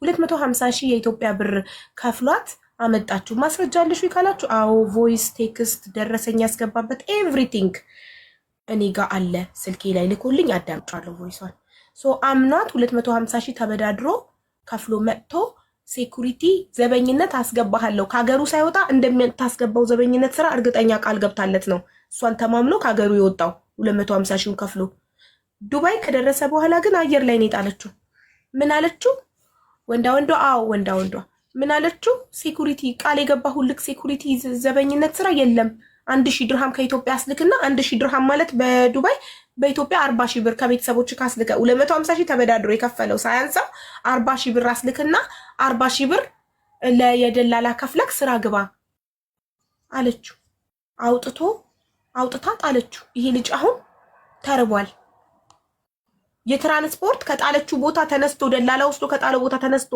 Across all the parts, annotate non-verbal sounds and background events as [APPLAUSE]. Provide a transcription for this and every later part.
ሁለት መቶ ሀምሳ ሺህ የኢትዮጵያ ብር ከፍሏት አመጣችሁ። ማስረጃ አለሽ ካላችሁ፣ አዎ ቮይስ፣ ቴክስት፣ ደረሰኝ ያስገባበት ኤቭሪቲንግ እኔ ጋር አለ። ስልኬ ላይ ልኮልኝ አዳምጫለሁ ቮይሷን። ሶ አምኗት ሁለት መቶ ሀምሳ ሺህ ተበዳድሮ ከፍሎ መጥቶ ሴኩሪቲ ዘበኝነት አስገባሃለሁ ከሀገሩ ሳይወጣ እንደምታስገባው ዘበኝነት ስራ እርግጠኛ ቃል ገብታለት ነው። እሷን ተማምኖ ከሀገሩ የወጣው 250 መቶ ሺውን ከፍሎ ዱባይ ከደረሰ በኋላ ግን አየር ላይ ነው የጣለችው። ምን አለችው? ወንዳ ወንዷ አዎ ወንዳ ወንዷ ምን አለችው? ሴኩሪቲ ቃል የገባ ሁልክ ሴኩሪቲ ዘበኝነት ስራ የለም። አንድ ሺህ ድርሃም ከኢትዮጵያ አስልክና አንድ ሺህ ድርሃም ማለት በዱባይ በኢትዮጵያ አርባ ሺህ ብር ከቤተሰቦች ካስልከ ሁለት መቶ ሀምሳ ሺህ ተበዳድሮ የከፈለው ሳያንሰው አርባ ሺህ ብር አስልክና አርባ ሺህ ብር ለየደላላ ከፍለክ ስራ ግባ አለችው። አውጥቶ አውጥታ ጣለችው። ይሄ ልጅ አሁን ተርቧል። የትራንስፖርት ከጣለችው ቦታ ተነስቶ ደላላ ወስዶ ከጣለው ቦታ ተነስቶ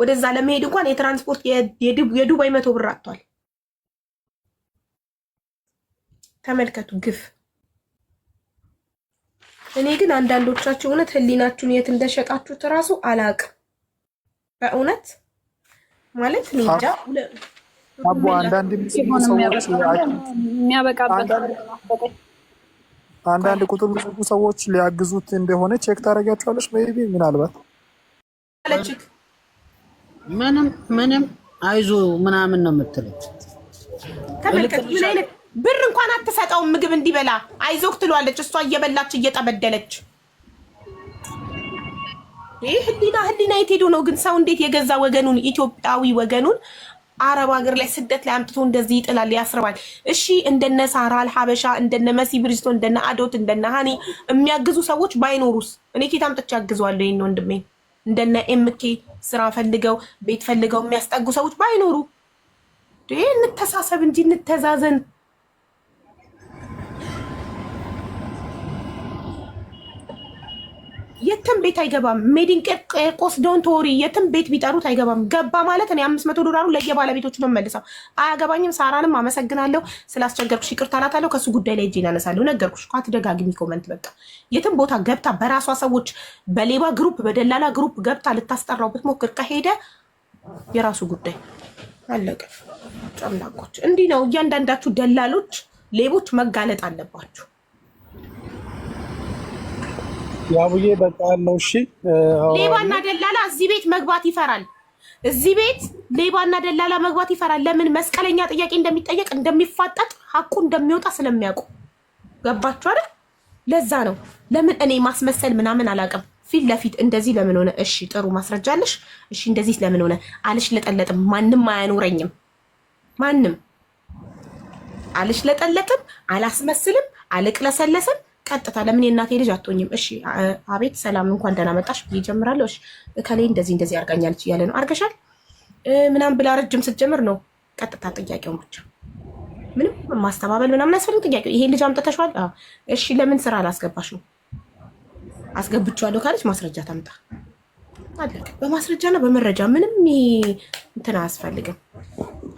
ወደዛ ለመሄድ እንኳን የትራንስፖርት የዱባይ መቶ ብር አጥቷል። ተመልከቱ ግፍ። እኔ ግን አንዳንዶቻችሁ እውነት ህሊናችሁን የት እንደሸጣችሁት እራሱ አላቅም። በእውነት ማለት እኔ አቦ አንዳንድ የሚያበቃበት አንዳንድ ቁጥር ብዙ ሰዎች ሊያግዙት እንደሆነ ቼክ ታደርጊያቸዋለሽ። ሜይቢ ምናልባት ምንም ምንም አይዞ ምናምን ነው የምትለው። ብር እንኳን አትሰጠውም ምግብ እንዲበላ አይዞክ ትሏለች። እሷ እየበላች እየጠበደለች ይህ ህሊና ህሊና የት ሄዶ ነው ግን ሰው እንዴት የገዛ ወገኑን ኢትዮጵያዊ ወገኑን አረብ ሀገር ላይ ስደት ላይ አምጥቶ እንደዚህ ይጥላል፣ ያስርባል። እሺ እንደነ ሳራ አልሀበሻ እንደነ መሲ ብሪስቶ እንደነ አዶት እንደነ ሀኒ የሚያግዙ ሰዎች ባይኖሩስ እኔ ኬት አምጥቼ ያግዘዋለሁ? ይህን ወንድሜ እንደነ ኤምኬ ስራ ፈልገው ቤት ፈልገው የሚያስጠጉ ሰዎች ባይኖሩ እንተሳሰብ እንጂ እንተዛዘን። የትም ቤት አይገባም። ሜዲን ቄርቆስ ዶን ቶሪ የትም ቤት ቢጠሩት አይገባም። ገባ ማለት እኔ አምስት መቶ ዶላሩ ለየባለቤቶቹ ነው መልሰው። አያገባኝም። ሳራንም አመሰግናለሁ ስላስቸገርኩሽ፣ ይቅርታ እላታለሁ። ከሱ ጉዳይ ላይ እጄን አነሳለሁ። ነገርኩሽ እኮ አትደጋግሚ ኮመንት። በቃ የትም ቦታ ገብታ በራሷ ሰዎች፣ በሌባ ግሩፕ፣ በደላላ ግሩፕ ገብታ ልታስጠራው ብትሞክር ከሄደ የራሱ ጉዳይ አለቀ። ጨምላቆች እንዲህ ነው። እያንዳንዳችሁ ደላሎች፣ ሌቦች መጋለጥ አለባችሁ። ያቡዬ በቃ ነው። እሺ። ሌባና ደላላ እዚህ ቤት መግባት ይፈራል። እዚህ ቤት ሌባና ደላላ መግባት ይፈራል። ለምን? መስቀለኛ ጥያቄ እንደሚጠየቅ እንደሚፋጠጥ፣ ሀቁ እንደሚወጣ ስለሚያውቁ ገባችሁ አይደል? ለዛ ነው። ለምን እኔ ማስመሰል ምናምን አላውቅም። ፊት ለፊት እንደዚህ ለምን ሆነ? እሺ ጥሩ ማስረጃ አለሽ? እሺ እንደዚህ ለምን ሆነ? አልሽለጠለጥም። ማንም አያኖረኝም። ማንም ለጠለጥም። አላስመስልም። አልቅለሰለስም ቀጥታ ለምን የእናቴ ልጅ አትሆኝም? እሺ አቤት ሰላም እንኳን ደህና መጣሽ ብዬ እጀምራለሁ። እሺ እከሌ እንደዚህ እንደዚህ አድርጋኛለች እያለ ነው አድርገሻል ምናምን ብላ ረጅም ስትጀምር ነው ቀጥታ ጥያቄው ብቻ ምንም ማስተባበል ምናምን አያስፈልግም። ጥያቄው ይሄ ልጅ አምጥተሽዋል? እሺ ለምን ስራ አላስገባሽ ነው። አስገብቼዋለሁ ካለች ማስረጃ ታምጣ አለ። በማስረጃና በመረጃ ምንም እንትን አያስፈልግም።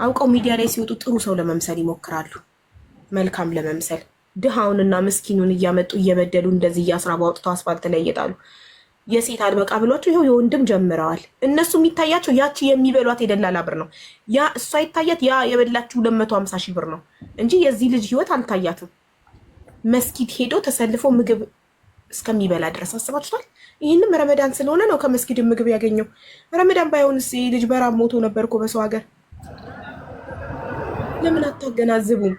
አውቀው ሚዲያ ላይ ሲወጡ ጥሩ ሰው ለመምሰል ይሞክራሉ፣ መልካም ለመምሰል ድሃውንና ምስኪኑን እያመጡ እየበደሉ እንደዚህ እያስራ ባውጥቶ አስፋልት ላይ እየጣሉ የሴት አድበቃ ብሏቸው ይኸው የወንድም ጀምረዋል። እነሱ የሚታያቸው ያቺ የሚበሏት የደላላ ብር ነው። ያ እሷ ይታያት ያ የበላችሁ ሁለት መቶ ሺ ሺህ ብር ነው እንጂ የዚህ ልጅ ህይወት አልታያትም። መስጊድ ሄዶ ተሰልፎ ምግብ እስከሚበላ ድረስ አስባችኋል? ይህንም ረመዳን ስለሆነ ነው ከመስጊድ ምግብ ያገኘው። ረመዳን ባይሆንስ ልጅ በራብ ሞቶ ነበር እኮ በሰው ሀገር። ለምን አታገናዝቡም?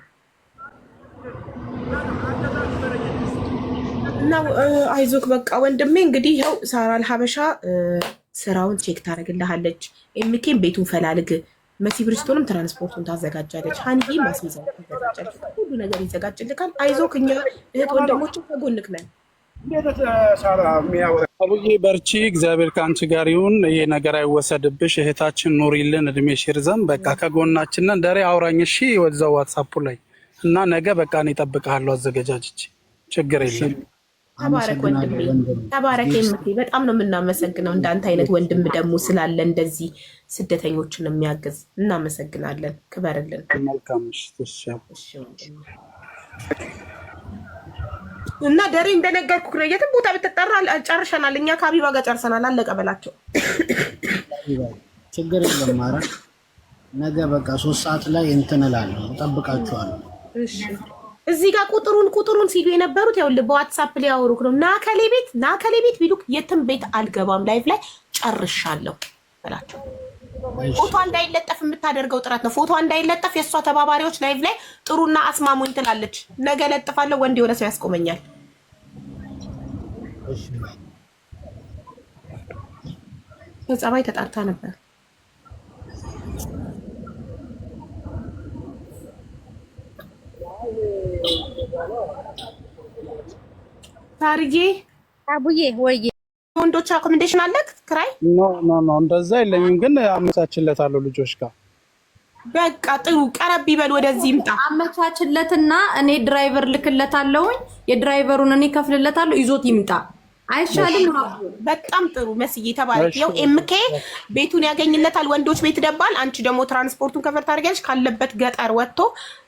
እና አይዞክ በቃ ወንድሜ እንግዲህ ያው ሳራል ሀበሻ ስራውን ቼክ ታደርግልሃለች። ኤምኬን ቤቱን ፈላልግ፣ መሲ ብርስቶንም ትራንስፖርቱን ታዘጋጃለች፣ ሀንዬ ማስመዛ ታዘጋጃለች። ሁሉ ነገር ይዘጋጭልካል። አይዞክ እኛ እህት ወንድሞች ከጎንክ ነን። አቡዬ በርቺ፣ እግዚአብሔር ከአንቺ ጋር ይሁን። ይሄ ነገር አይወሰድብሽ። እህታችን ኑሪልን፣ እድሜ ሽርዘም። በቃ ከጎናችንን ነን። ደሬ አውራኝ እሺ፣ ወዛው ዋትሳፑ ላይ እና ነገ በቃ እኔ እጠብቅሃለሁ። አዘገጃጅች ችግር የለም። ተባረክ ወንድሜ፣ ተባረክ የምት በጣም ነው የምናመሰግነው። እንዳንተ አይነት ወንድም ደግሞ ስላለ እንደዚህ ስደተኞችን የሚያግዝ እናመሰግናለን። ክበርልን። እና ደሬ እንደነገርኩ ነው። የትም ቦታ ብትጠራ ጨርሸናል። እኛ ከአቢባ ጋር ጨርሰናል። አለቀ በላቸው። ችግር የለም። ነገ በቃ ሶስት ሰዓት ላይ እንትን እላለሁ፣ እጠብቃችኋለሁ። እዚህ ጋር ቁጥሩን ቁጥሩን ሲሉ የነበሩት ያው በዋትሳፕ ሊያወሩክ ነው። ና ከሌ ቤት ና ከሌ ቤት ቢሉክ የትም ቤት አልገባም፣ ላይፍ ላይ ጨርሻለሁ በላቸው። ፎቶ እንዳይለጠፍ የምታደርገው ጥረት ነው። ፎቶ እንዳይለጠፍ የእሷ ተባባሪዎች ላይቭ ላይ ጥሩና አስማሙኝ ትላለች። ነገ ለጥፋለሁ፣ ወንድ የሆነ ሰው ያስቆመኛል። በጸባይ ተጣርታ ነበር። ታርዬ አቡዬ ወይ ወንዶች አኮመንዴሽን አለክ ክራይ? ኖ ኖ ኖ እንደዛ የለኝም፣ ግን አመቻችለታለሁ ልጆች ጋር በቃ ጥሩ ቀረብ ይበል፣ ወደዚህ ይምጣ። አመቻችለትና እኔ ድራይቨር ልክለታለሁኝ። የድራይቨሩን እኔ ከፍልለታለሁ፣ ይዞት ይምጣ። አይሻልም? በጣም ጥሩ መስዬ ተባረክ። ያው ኤምኬ ቤቱን ያገኝለታል፣ ወንዶች ቤት ደባል። አንቺ ደግሞ ትራንስፖርቱን ከፈር ታደርጊያለሽ። ካለበት ገጠር ወጥቶ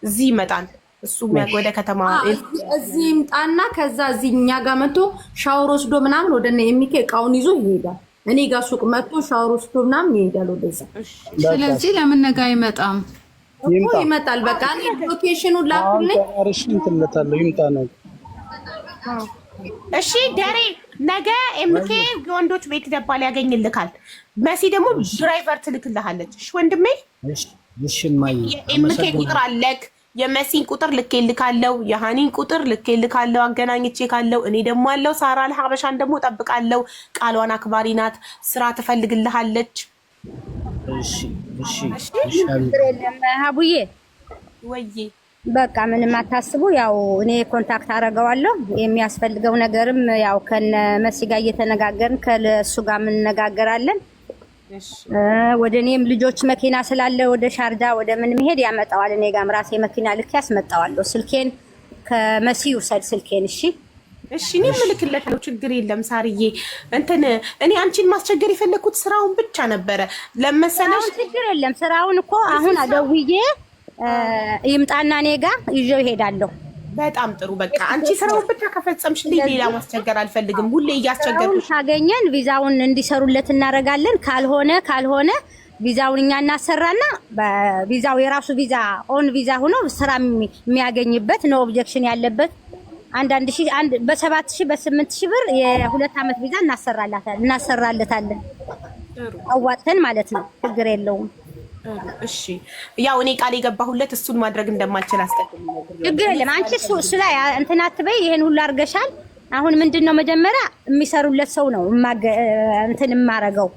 እዚህ ይመጣል። እሱ ወደ ከተማ እዚህ ይምጣና ከዛ እዚህ እኛ ጋር መጥቶ ሻወር ወስዶ ምናምን ወደ የሚኬ እቃውን ይዞ ይሄዳል። እኔ ጋር ሱቅ መጥቶ ሻወር ወስዶ ምናምን ይሄዳል ወደዛ። ስለዚህ ለምን ነገ አይመጣም? ይመጣል። በቃ ሎኬሽኑ ላኩልኝ። ይምጣ ነው። እሺ ደሬ ነገ ኤምኬ የወንዶች ቤት ደባል ያገኝልካል። መሲ ደግሞ ድራይቨር ትልክልሃለች። እሺ ወንድሜ፣ የኤምኬ ቁጥር አለክ የመሲን ቁጥር ልኬልካለው፣ የሃኒን ቁጥር ልኬልካለው፣ አገናኝቼ ካለው እኔ ደግሞ ያለው ሳራ ለሀበሻን ደግሞ ጠብቃለው። ቃሏን አክባሪ ናት፣ ስራ ትፈልግልሃለች። እሺ እሺ ሀቡዬ ወይዬ በቃ ምንም አታስቡ። ያው እኔ ኮንታክት አደርገዋለሁ የሚያስፈልገው ነገርም ያው ከነ መሲ ጋር እየተነጋገርን ከእሱ ጋር እንነጋገራለን። ወደ እኔም ልጆች መኪና ስላለ ወደ ሻርጃ ወደ ምን መሄድ ያመጣዋል። እኔ ጋም ራሴ መኪና ልክ ያስመጣዋለሁ። ስልኬን ከመሲ ውሰድ ስልኬን። እሺ እሺ፣ እኔ ምልክለት ነው ችግር የለም። ሳርዬ እንትን እኔ አንቺን ማስቸገር የፈለግኩት ስራውን ብቻ ነበረ ለመሰለሽ። ችግር የለም ስራውን እኮ አሁን አደውዬ ይምጣና እኔ ጋ ይዤው ይሄዳለሁ። በጣም ጥሩ። በቃ አንቺ ስራውን ብቻ ከፈጸምሽ ሌላ ማስቸገር አልፈልግም። ሁሌ እያስቸገሩ ካገኘን ቪዛውን እንዲሰሩለት እናደርጋለን። ካልሆነ ካልሆነ ቪዛውን እኛ እናሰራና በቪዛው የራሱ ቪዛ ኦን ቪዛ ሆኖ ስራ የሚያገኝበት ነው ኦብጀክሽን ያለበት አንዳንድ ሺ አንድ በሰባት ሺህ በስምንት ሺህ ብር የሁለት ዓመት ቪዛ እናሰራላታለን እናሰራለታለን አዋጥተን ማለት ነው። ችግር የለውም። እሺ ያው እኔ ቃል የገባሁለት እሱን ማድረግ እንደማልችል አስቀድም። ችግር የለም አንቺ እሱ ላይ እንትን አትበይ። ይሄን ሁሉ አድርገሻል። አሁን ምንድን ነው መጀመሪያ የሚሰሩለት ሰው ነው እንትን የማረገው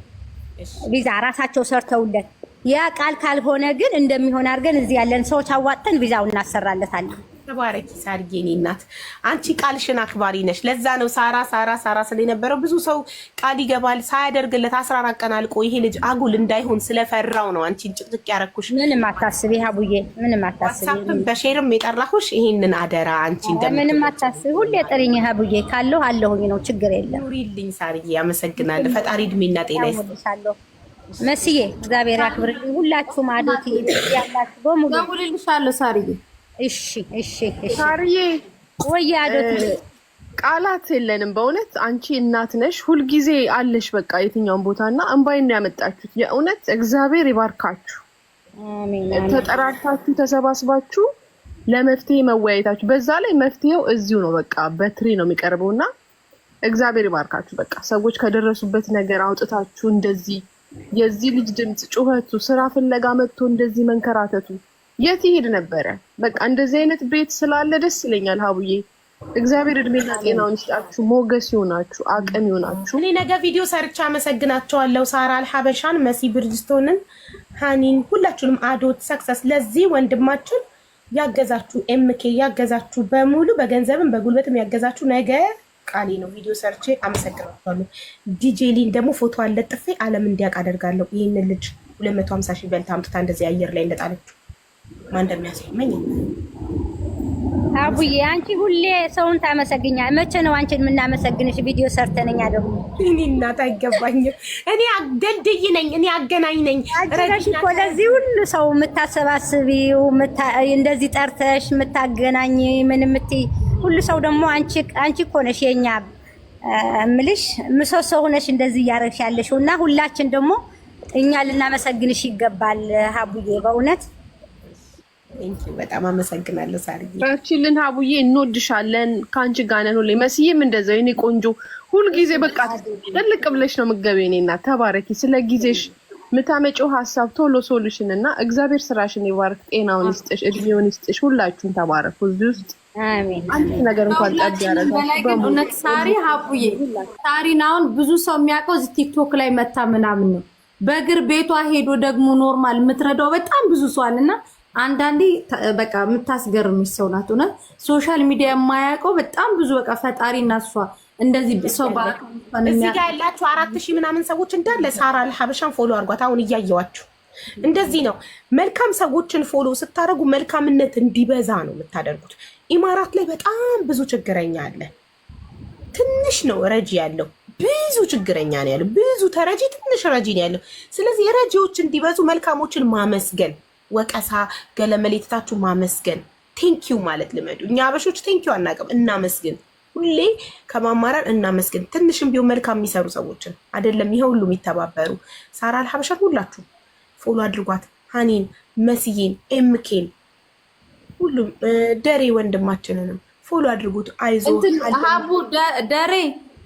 ቪዛ ራሳቸው ሰርተውለት ያ ቃል ካልሆነ ግን እንደሚሆን አድርገን እዚህ ያለን ሰዎች አዋጥተን ቪዛው እናሰራለታለን። ተባረኪ ሳርዬ፣ እኔ እናት አንቺ ቃልሽን አክባሪ ነሽ። ለዛ ነው ሳራ ሳራ ሳራ ስለነበረው ብዙ ሰው ቃል ይገባል ሳያደርግለት አስራ አራት ቀን አልቆ ይሄ ልጅ አጉል እንዳይሆን ስለፈራው ነው አንቺን ጭቅጭቅ ያረኩሽ። ምንም አታስቢ ሀቡዬ፣ ምንም አታስቢ። በሼርም የጠራሁሽ ይሄንን አደራ አንቺ እንደ ምንም አታስቢ። ሁሌ ጥሪኝ ሀቡዬ፣ ካለሁ አለሁኝ ነው ችግር የለም። ኑሪልኝ ሳርዬ፣ ያመሰግናለሁ። ፈጣሪ እድሜና ጤና ይስጥልኝ። መስዬ እግዚአብሔር ያክብርልኝ። ሁላችሁም አዶት ያላችሁ በሙሉ ደውልልሻለሁ ሳርዬ እሺ፣ እሺ፣ እሺ። ሳርዬ ወይ ቃላት የለንም በእውነት አንቺ እናት ነሽ፣ ሁልጊዜ አለሽ። በቃ የትኛውን ቦታ እና እንባይ ነው ያመጣችሁት። የእውነት እግዚአብሔር ይባርካችሁ። ተጠራርታችሁ ተሰባስባችሁ ለመፍትሄ መወያየታችሁ፣ በዛ ላይ መፍትሄው እዚሁ ነው። በቃ በትሪ ነው የሚቀርበው እና እግዚአብሔር ይባርካችሁ። በቃ ሰዎች ከደረሱበት ነገር አውጥታችሁ እንደዚህ የዚህ ልጅ ድምፅ ጩኸቱ ስራ ፍለጋ መጥቶ እንደዚህ መንከራተቱ የት ይሄድ ነበረ? በቃ እንደዚህ አይነት ቤት ስላለ ደስ ይለኛል። ሀቡዬ እግዚአብሔር እድሜና ጤናውን ይስጣችሁ፣ ሞገስ ይሆናችሁ፣ አቅም ይሆናችሁ። እኔ ነገ ቪዲዮ ሰርቻ አመሰግናቸዋለሁ። ሳራ አልሀበሻን፣ መሲ ብርጅስቶንን፣ ሀኒን፣ ሁላችሁንም አዶት ሰክሰስ ለዚህ ወንድማችን ያገዛችሁ ኤምኬ ያገዛችሁ በሙሉ በገንዘብም በጉልበትም ያገዛችሁ ነገ ቃሌ ነው ቪዲዮ ሰርቼ አመሰግናለሁ። ዲጄ ሊን ደግሞ ፎቶ አለጥፌ አለም እንዲያውቅ አደርጋለሁ። ይህንን ልጅ 250 ሺህ በልታ አምጥታ እንደዚህ አየር ላይ እንደጣለችው ማን እንደሚያስቆመኝ አቡዬ አንቺ ሁሌ ሰውን ታመሰግኛል። መቼ ነው አንቺን የምናመሰግንሽ? ቪዲዮ ሰርተነኛ ደግሞ እኔ እናት አይገባኝም። እኔ ደልድይ ነኝ፣ እኔ አገናኝ ነኝ። ረሽ እኮ ለዚህ ሁሉ ሰው የምታሰባስቢው እንደዚህ ጠርተሽ የምታገናኝ ምን የምትይ ሁሉ ሰው ደግሞ አንቺ እኮ ነሽ የኛ ምልሽ ምሰሶ ሆነሽ እንደዚህ እያረግሽ ያለሽው እና ሁላችን ደግሞ እኛ ልናመሰግንሽ ይገባል ሀቡዬ በእውነት በጣም አመሰግናለሁ ሳርዬ። ራችልን ሀቡዬ እንወድሻለን። ከአንቺ ጋር ነን ሁሌ። መስዬም እንደዛ የኔ ቆንጆ ሁልጊዜ በቃ ጥልቅ ብለሽ ነው ምገቤ። እኔና ተባረኪ። ስለ ጊዜሽ ምታመጪው ሀሳብ ቶሎ ሶሉሽን እና እግዚአብሔር ስራሽን ይባርክ፣ ጤናውን ይስጥሽ፣ እድሜውን ይስጥሽ። ሁላችሁን ተባረኩ። እዚህ ውስጥ አንድ ነገር እንኳን ጠብ ያደረግእውነት ሳሪ ሀቡዬ ሳሪን አሁን ብዙ ሰው የሚያውቀው እዚህ ቲክቶክ ላይ መታ ምናምን ነው። በእግር ቤቷ ሄዶ ደግሞ ኖርማል የምትረዳው በጣም ብዙ ሰዋል እና አንዳንዴ በቃ የምታስገርምሽ ሰው ናት። ሆነ ሶሻል ሚዲያ የማያውቀው በጣም ብዙ በቃ ፈጣሪ እና እሷ እንደዚህ ሰው እዚህ ጋር ያላችሁ አራት ሺህ ምናምን ሰዎች እንዳለ ሳራ አልሀበሻን ፎሎ አድርጓት። አሁን እያየዋችሁ እንደዚህ ነው። መልካም ሰዎችን ፎሎ ስታደርጉ መልካምነት እንዲበዛ ነው የምታደርጉት። ኢማራት ላይ በጣም ብዙ ችግረኛ አለ። ትንሽ ነው ረጂ ያለው ብዙ ችግረኛ ነው ያለው። ብዙ ተረጂ፣ ትንሽ ረጂ ነው ያለው። ስለዚህ ረጂዎች እንዲበዙ መልካሞችን ማመስገን ወቀሳ፣ ገለመሌትታችሁ ማመስገን ቴንኪው ማለት ልመዱ። እኛ አበሾች ቴንኪው አናውቅም፣ እናመስግን ሁሌ ከማማራር እናመስግን። ትንሽም ቢሆን መልካም የሚሰሩ ሰዎችን አይደለም ይሄ ሁሉ የሚተባበሩ ሳራ አልሀበሻት ሁላችሁ ፎሎ አድርጓት። ሀኒን፣ መስዬን፣ ኤምኬን ሁሉም ደሬ ወንድማችንንም ፎሎ አድርጉት። አይዞ ሀቡ ደሬ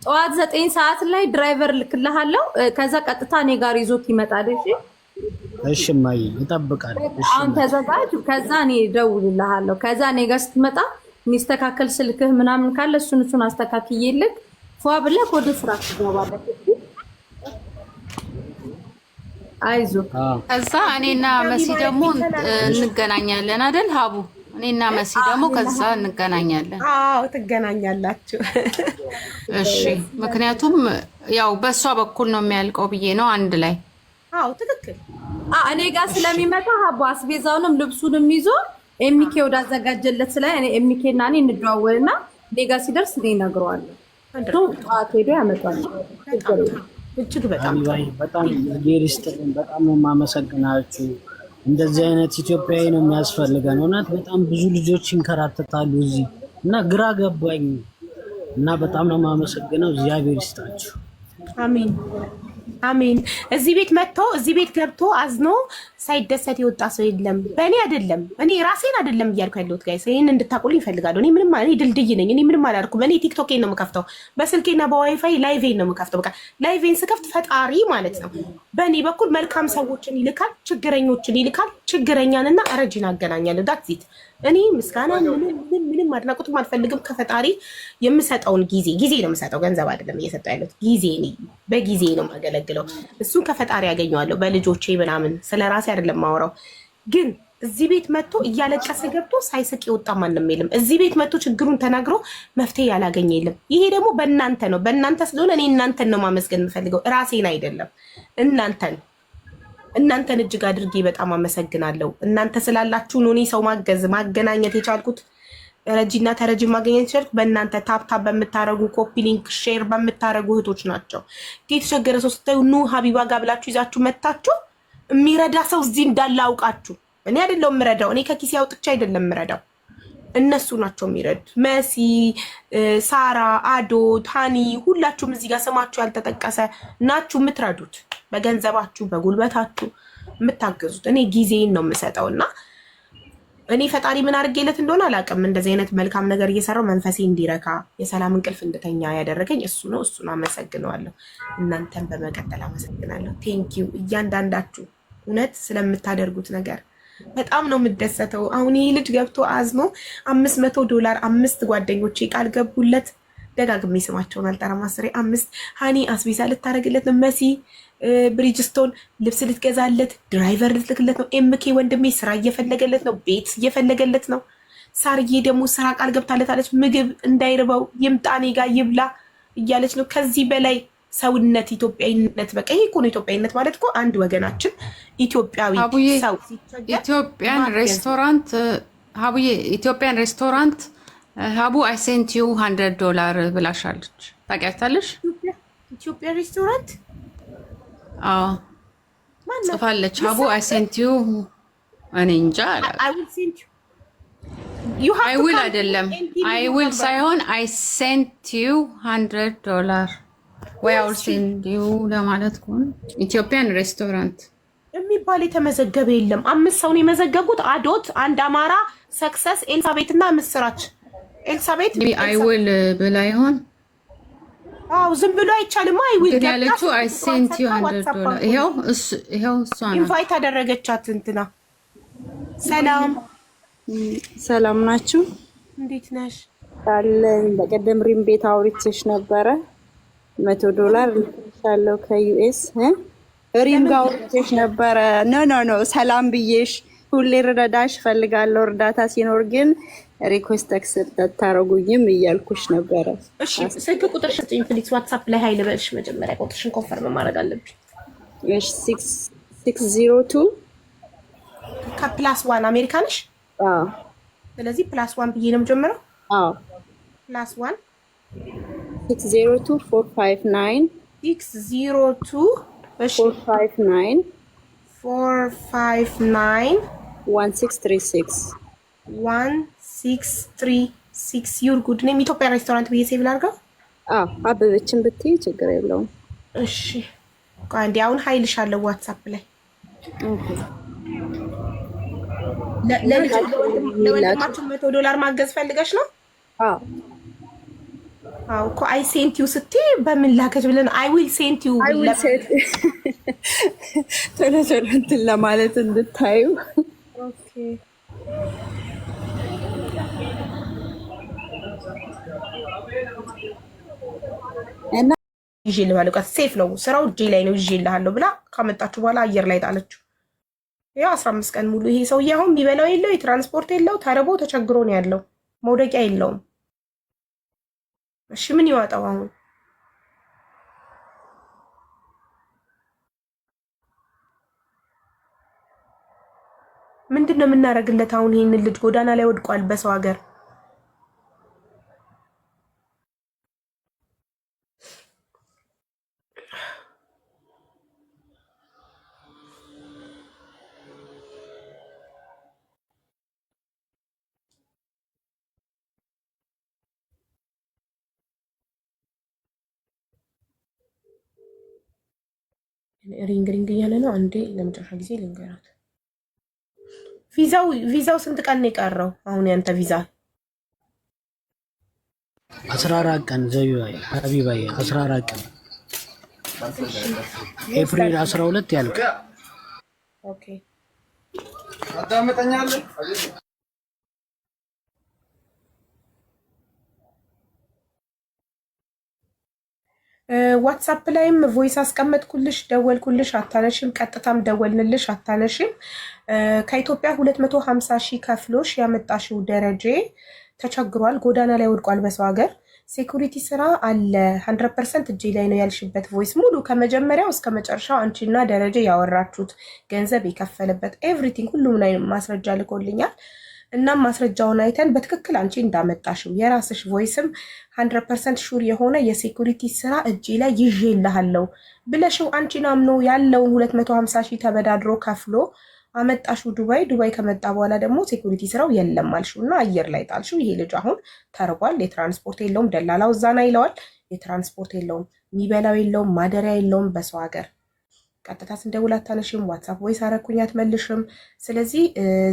ጠዋት ዘጠኝ ሰዓት ላይ ድራይቨር ልክልሃለው ከዛ ቀጥታ እኔ ጋር ይዞት ይመጣል። እሺ ይጠብቃል እጠብቃለሁ። አሁን ተዘጋጅ። ከዛ እኔ እደውልልሃለሁ። ከዛ እኔ ጋር ስትመጣ የሚስተካከል ስልክህ ምናምን ካለ እሱን እሱን አስተካክዬልህ ፏ ብለህ ወደ ስራ ትገባለህ። አይዞ ከዛ እኔና መሲ ደግሞ እንገናኛለን አይደል ሀቡ? እኔና መሲ ደግሞ ከዛ እንገናኛለን። አዎ ትገናኛላችሁ። እሺ። ምክንያቱም ያው በእሷ በኩል ነው የሚያልቀው ብዬ ነው አንድ ላይ አዎ ትክክል። እኔ ጋር ስለሚመጣ ሀቦ አስቤዛውንም ልብሱንም ይዞ ኤሚኬ ወዳዘጋጀለት ስለ ኤሚኬ እና እኔ እንደዋወልና እኔ ጋር ሲደርስ እኔ እነግረዋለሁ። ጠዋት ሄዶ ያመጣል። እጅግ በጣም በጣም በጣም ነው የማመሰግናችሁ። እንደዚህ አይነት ኢትዮጵያዊ ነው የሚያስፈልገን። እውነት በጣም ብዙ ልጆች ይንከራተታሉ እዚህ እና ግራ ገባኝ እና በጣም ነው የማመሰግነው። እግዚአብሔር ይስጣችሁ። አሜን። አሜን። እዚህ ቤት መጥቶ እዚህ ቤት ገብቶ አዝኖ ሳይደሰት የወጣ ሰው የለም። በእኔ አይደለም እኔ ራሴን አይደለም እያልኩ ያለሁት ጋይስ፣ ይህን እንድታቁልኝ ይፈልጋሉ። እኔ ምንም እኔ ድልድይ ነኝ። እኔ ምንም አላልኩም። እኔ ቲክቶኬን ነው የምከፍተው፣ በስልኬና በዋይፋይ ላይቬን ነው የምከፍተው። በቃ ላይቬን ስከፍት ፈጣሪ ማለት ነው በእኔ በኩል መልካም ሰዎችን ይልካል፣ ችግረኞችን ይልካል። ችግረኛንና ረጅን አገናኛለሁ። ዳትዚት እኔ ምስጋና ምንም ምንም አድናቆትም አልፈልግም። ከፈጣሪ የምሰጠውን ጊዜ ጊዜ ነው የምሰጠው፣ ገንዘብ አይደለም እየሰጠው ያለት ጊዜ፣ በጊዜ ነው የማገለግለው። እሱን ከፈጣሪ ያገኘዋለሁ በልጆቼ ምናምን፣ ስለ ራሴ አይደለም ማውራው። ግን እዚህ ቤት መጥቶ እያለቀሰ ገብቶ ሳይስቅ የወጣ ማንም የለም። እዚህ ቤት መጥቶ ችግሩን ተናግሮ መፍትሄ ያላገኘ የለም። ይሄ ደግሞ በእናንተ ነው። በእናንተ ስለሆነ እኔ እናንተን ነው ማመስገን የምፈልገው ራሴን አይደለም እናንተን እናንተን እጅግ አድርጌ በጣም አመሰግናለሁ። እናንተ ስላላችሁ እኔ ሰው ማገዝ ማገናኘት የቻልኩት። ረጂና ተረጂ ማገኘት የቻልኩ በእናንተ ታፕታ በምታረጉ ኮፒ ሊንክ ሼር በምታረጉ እህቶች ናቸው። የተቸገረ ሰው ስታዩ ኑ ሀቢባ ጋር ብላችሁ ይዛችሁ መታችሁ። የሚረዳ ሰው እዚህ እንዳለ አውቃችሁ እኔ አይደለሁም የምረዳው። እኔ ከኪሴ አውጥቼ አይደለም የምረዳው እነሱ ናቸው የሚረዱት። መሲ፣ ሳራ፣ አዶ፣ ታኒ ሁላችሁም እዚህ ጋር ስማችሁ ያልተጠቀሰ ናችሁ የምትረዱት በገንዘባችሁ በጉልበታችሁ የምታገዙት። እኔ ጊዜን ነው የምሰጠው እና እኔ ፈጣሪ ምን አድርጌለት እንደሆነ አላውቅም። እንደዚህ አይነት መልካም ነገር እየሰራው መንፈሴ እንዲረካ የሰላም እንቅልፍ እንድተኛ ያደረገኝ እሱ ነው። እሱን አመሰግነዋለሁ። እናንተን በመቀጠል አመሰግናለሁ። ቴንኪው እያንዳንዳችሁ እውነት ስለምታደርጉት ነገር በጣም ነው የምደሰተው። አሁን ይህ ልጅ ገብቶ አዝኖ አምስት መቶ ዶላር አምስት ጓደኞቼ ቃል ገቡለት። ደጋግሜ ስማቸውን አልጠራም። አስሬ አምስት ሀኒ አስቤዛ ልታደርግለት ነው። መሲ ብሪጅስቶን ልብስ ልትገዛለት፣ ድራይቨር ልትልክለት ነው። ኤምኬ ወንድሜ ስራ እየፈለገለት ነው። ቤት እየፈለገለት ነው። ሳርዬ ደግሞ ስራ ቃል ገብታለታለች። ምግብ እንዳይርበው ይምጣኔ ጋር ይብላ እያለች ነው። ከዚህ በላይ ሰውነት ኢትዮጵያዊነት በቃ ይህ እኮ ነው። ኢትዮጵያዊነት ማለት እኮ አንድ ወገናችን ኢትዮጵያዊ ሰው ኢትዮጵያን ሬስቶራንት ሀቡዬ ኢትዮጵያን ሬስቶራንት ሀቡ አይ ሴንት ዩ ሀንድረድ ዶላር ብላሻለች። ታውቂያታለሽ? ኢትዮጵያ ሬስቶራንት አዎ፣ ጽፋለች። ሀቡ አይ ሴንት ዩ እኔ እንጃ አይ ውል አይደለም፣ አይውል ሳይሆን አይ ሴንት ዩ ሀንድረድ ዶላር ወይ አውርሲ እንዲሁ ለማለት ከሆነ ኢትዮጵያን ሬስቶራንት የሚባል የተመዘገበ የለም። አምስት ሰውን የመዘገቡት አዶት፣ አንድ አማራ፣ ሰክሰስ፣ ኤልሳቤት እና ምስራች። ኤልሳቤት አይውል ብላ ይሆን? አዎ ዝም ብሎ አይቻልም። አይውል ያለችው አይሴንት ይኸው እሷ ኢንቫይት አደረገቻት እንትና። ሰላም ሰላም ናችሁ? እንዴት ነሽ? አለን። በቀደም ሪም ቤት አውሪቼሽ ነበረ መቶ ዶላር ልሻለው ከዩኤስ ሪም ጋር ወርቼሽ ነበረ። ኖ ኖ ኖ ሰላም ብዬሽ ሁሌ ረዳሽ ፈልጋለሁ። እርዳታ ሲኖር ግን ሪኩዌስት አታረጉኝም እያልኩሽ ነበረ። እሺ ስልክ ቁጥር ስጪኝ ፕሊዝ። ዋትሳፕ ላይ ሀይል በልሽ መጀመሪያ ቁጥርሽን ኮንፈርም ማድረግ አለብኝ። እሺ ሲክስ ዚሮ ቱ ከፕላስ ዋን አሜሪካንሽ። ስለዚህ ፕላስ ዋን ብዬ ነው የምጀምረው። ፕላስ ዋን ሲክስ ዜሮ ቱ ፎር ፋይቭ ናይን ሲክስ ዜሮ ቱ ፎር ፋይቭ ናይን ፎር ፋይቭ ናይን ዋን ሲክስ ትሪ ሲክስ ዋን ሲክስ ትሪ ሲክስ ዩር ጉድ ኔም ኢትዮጵያ ሬስቶራንት ብዬ ሴቭ ላድርገው። አበበችን ብትይ ችግር የለውም። እሺ እንዲ አሁን ሀይልሽ አለው ዋትሳፕ ላይ ለወንድማችሁ መቶ ዶላር ማገዝ ፈልገሽ ነው? እኮ አይ ሴንት ዩ ስትይ በምን ላከች ብለን አይ ዊል ሴንት ዩ [LAUGHS] ቶሎ ቶሎ እንትን ለማለት እንድታዩ እና ይዤ ልበለው ሴፍ ነው ስራው እጄ ላይ ነው ይዤ እልሃለሁ ብላ ካመጣችሁ በኋላ አየር ላይ ጣለችው። ያው አስራ አምስት ቀን ሙሉ ይሄ ሰውዬ አሁን የሚበላው የለው የትራንስፖርት የለው ተርቦ ተቸግሮ ነው ያለው። መውደቂያ የለውም። እሺ ምን ይዋጣው አሁን ምንድን ነው የምናደርግለት አሁን ይህንን ልጅ ጎዳና ላይ ወድቋል በሰው ሀገር ሪንግ ሪንግ እያለ ነው። አንዴ ለመጨረሻ ጊዜ ልንገራት። ቪዛው ቪዛው ስንት ቀን ነው የቀረው? አሁን ያንተ ቪዛ አስራ አራት ቀን ዘቢባዬ ሀቢባዬ አስራ አራት ቀን ኤፕሪል አስራ ሁለት ያልቅ ዋትሳፕ ላይም ቮይስ አስቀመጥኩልሽ፣ ደወልኩልሽ፣ አታነሽም። ቀጥታም ደወልንልሽ፣ አታነሽም። ከኢትዮጵያ 250 ሺህ ከፍሎሽ ያመጣሽው ደረጀ ተቸግሯል፣ ጎዳና ላይ ወድቋል። በሰው ሀገር ሴኩሪቲ ስራ አለ 100 ፐርሰንት እጄ ላይ ነው ያልሽበት ቮይስ ሙሉ ከመጀመሪያው እስከ መጨረሻው አንቺና ደረጀ ያወራችሁት ገንዘብ የከፈለበት ኤቭሪቲንግ ሁሉም ላይ ማስረጃ ልኮልኛል። እናም ማስረጃውን አይተን በትክክል አንቺ እንዳመጣሽው የራስሽ ቮይስም ሀንድረድ ፐርሰንት ሹር የሆነ የሴኩሪቲ ስራ እጄ ላይ ይዤ ብለሽው አንቺን አምኖ ያለውን ሁለት መቶ ሀምሳ ሺህ ተበዳድሮ ከፍሎ አመጣሹ ዱባይ። ዱባይ ከመጣ በኋላ ደግሞ ሴኩሪቲ ስራው የለም አልሹ እና አየር ላይ ጣልሽው። ይሄ ልጅ አሁን ተርቧል። የትራንስፖርት የለውም፣ ደላላው እዛና ይለዋል። የትራንስፖርት የለውም፣ የሚበላው የለውም፣ ማደሪያ የለውም በሰው ሀገር ቀጥታ ስንደውል አታነሽም፣ ዋትሳፕ ወይስ አረኩኝ አትመልሽም። ስለዚህ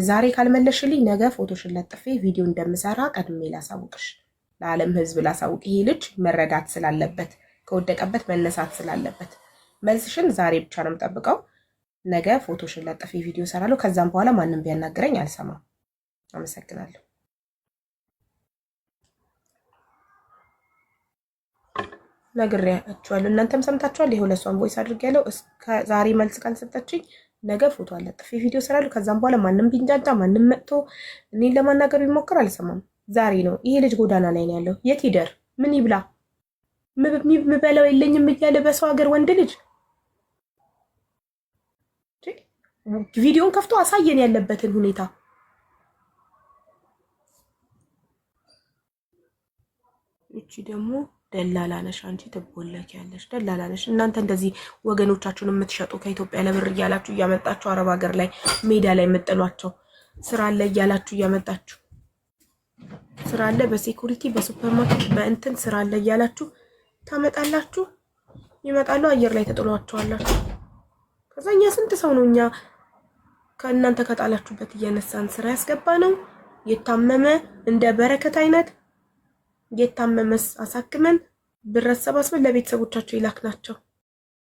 ዛሬ ካልመለሽልኝ ነገ ፎቶሽን ለጥፌ ቪዲዮ እንደምሰራ ቀድሜ ላሳውቅሽ፣ ለዓለም ህዝብ ላሳውቅ። ይሄ ልጅ መረዳት ስላለበት ከወደቀበት መነሳት ስላለበት መልስሽን ዛሬ ብቻ ነው የምጠብቀው። ነገ ፎቶሽን ለጥፌ ቪዲዮ ሰራለሁ። ከዛም በኋላ ማንም ቢያናግረኝ አልሰማም። አመሰግናለሁ። ነግሬያችኋለሁ። እናንተም ሰምታችኋል። የሁለቷን ቮይስ ያለው ዛሬ መልስ ካልሰጠችኝ ነገ ፎቶ አለጥፌ ቪዲዮ ስራሉ። ከዛም በኋላ ማንም ቢንጫጫ ማንም መጥቶ እኔን ለማናገር ቢሞክር አልሰማም። ዛሬ ነው ይሄ ልጅ ጎዳና ላይ ነው ያለው። የት ይደር? ምን ይብላ? ምበላው የለኝም እያለ በሰው ሀገር ወንድ ልጅ ቪዲዮን ከፍቶ አሳየን ያለበትን ሁኔታ ደግሞ ደላላነሽ አንቺ ትቦለኪያለሽ፣ ደላላነሽ። እናንተ እንደዚህ ወገኖቻችሁን የምትሸጡ ከኢትዮጵያ ለብር እያላችሁ እያመጣችሁ አረብ ሀገር ላይ ሜዳ ላይ የምጥሏቸው ስራ አለ እያላችሁ እያመጣችሁ ስራ አለ በሴኩሪቲ በሱፐርማርኬት በእንትን ስራ አለ እያላችሁ ታመጣላችሁ። ይመጣሉ፣ አየር ላይ ተጥሏቸዋላችሁ። ከዛ እኛ ስንት ሰው ነው እኛ ከእናንተ ከጣላችሁበት እየነሳን ስራ ያስገባ ነው የታመመ እንደ በረከት አይነት የታመመስ አሳክመን ብር አሰባስበን ለቤተሰቦቻቸው ይላክ ናቸው።